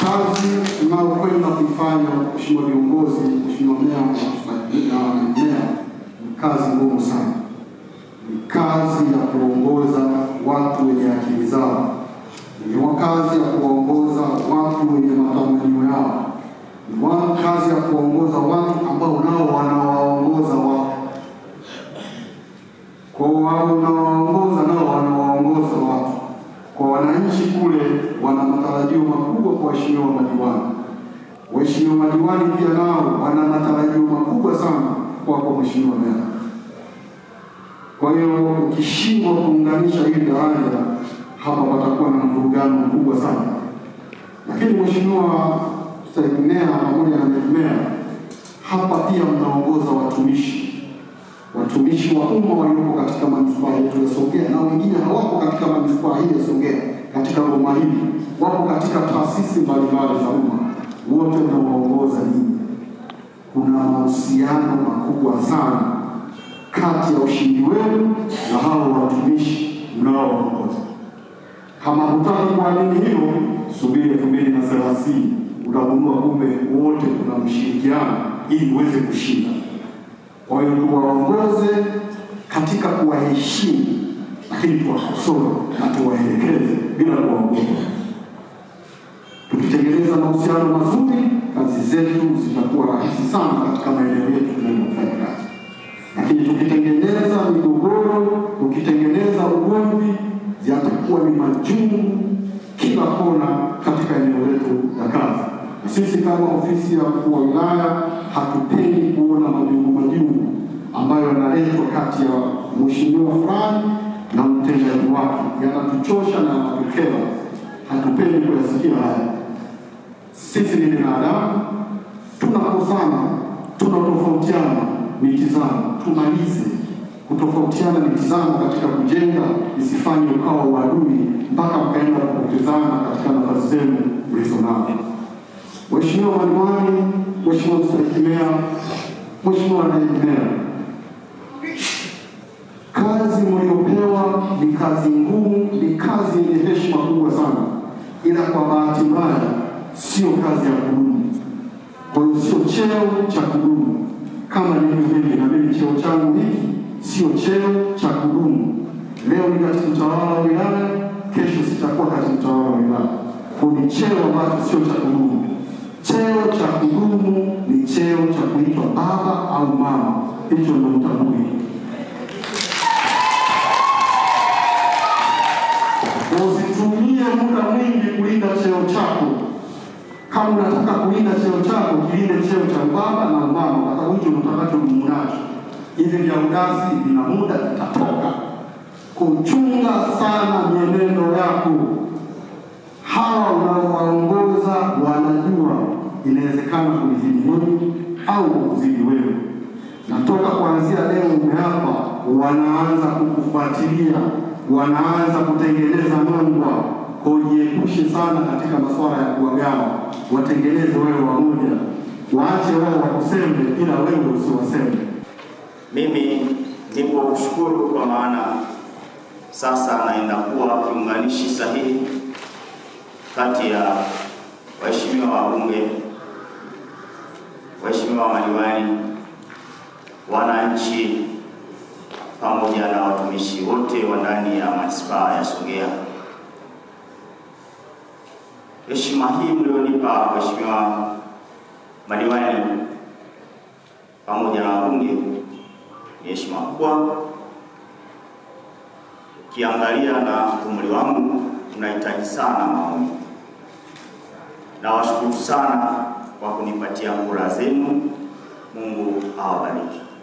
kazi inayokwenda kuifanya mheshimiwa viongozi, mheshimiwa meya na meya ni kazi ngumu sana, ni kazi ya kuongoza watu wenye akili zao, ni kazi ya kuwaongoza watu wenye matamanio yao, ni kazi ya kuongoza watu ambao nao wanawaongoza wao kwao, wao unawaongoza wananchi kule wana matarajio makubwa kwa waheshimiwa madiwani. Waheshimiwa madiwani pia nao wana matarajio makubwa sana kwa kwa mheshimiwa meya. Kwa hiyo ukishindwa kuunganisha hili daraja, hapa patakuwa na mvurugano mkubwa sana, lakini mheshimiwa naibu meya pamoja na naibu meya, hapa pia mnaongoza watumishi, watumishi wa umma walioko katika manispaa yetu ya Songea na wengine hawako katika manispaa hii ya Songea katika boma hili, wapo katika taasisi mbalimbali za umma, wote unawaongoza nyinyi, kuna mahusiano makubwa sana kati ya ushindi wenu na hao watumishi mnaoongoza. Kama hutaki kuamini hilo, subiri elfu mbili na thelathini utagundua kumbe wote kuna mshirikiano ili uweze kushinda. Kwa hiyo tuwaongoze katika kuwaheshimu lakini tuwakosoe na tuwaelekeze bila kuwaogopa. Tukitengeneza mahusiano mazuri, kazi zetu zitakuwa rahisi sana katika maeneo yetu tunayofanya kazi, lakini tukitengeneza migogoro, tukitengeneza ugomvi, zitakuwa ni majungu kila kona katika eneo letu la kazi. sisi kama ofisi ya mkuu wa wilaya hatupendi kuona majungu majungu ambayo yanaletwa kati ya mheshimiwa fulani utendaji wake yanatuchosha na yanatukera, hatupendi kuyasikia haya. Sisi ni binadamu, tunakosana, tunatofautiana mitizamo, tumalize kutofautiana mitizamo katika kujenga, isifanye ukawa uadui mpaka mkaenda kupotezana katika nafasi zenu ulizo Mheshimiwa Madiwani, Mheshimiwa Mstahiki Meya, Mheshimiwa Naibu Meya ni kazi ngumu, ni kazi yenye heshima kubwa sana, ila kwa bahati mbaya sio kazi ya kudumu. Kwa hiyo sio cheo cha kudumu kama nilivyo mimi, na mimi cheo changu hiki sio cheo cha kudumu. Leo ni katika utawala wa wilaya, kesho sitakuwa katika utawala wa wilaya. ko ni cheo ambacho sio cha kudumu. Cheo cha kudumu ni cheo cha kuitwa baba au mama, hicho ndo utambuli Kama unataka kulinda cheo chako, kilinde cheo cha ubaba na mama, kwa sababu hicho mtakacho mnacho. Hivi vya udasi vina muda vitatoka. Kuchunga sana mienendo yako. Hawa unaowaongoza wanajua inawezekana kuzidi wewe au kuzidi wewe. Natoka kuanzia leo umeapa, wanaanza kukufuatilia, wanaanza kutengeneza mongwa ujiepushe sana katika masuala ya kuwagawa, watengeneze wewe wamoja, waache wao wakuseme, ila wewe usiwaseme. Mimi nipo kushukuru kwa maana sasa naenda kuwa kiunganishi sahihi kati ya waheshimiwa wabunge, waheshimiwa madiwani, wananchi pamoja na watumishi wote wa ndani ya manispaa ya Songea heshima hii mlionipa waheshimiwa madiwani pamoja na wabunge ni heshima kubwa. Ukiangalia na umri wangu, unahitaji sana maoni. Nawashukuru sana kwa kunipatia kura zenu. Mungu awabariki.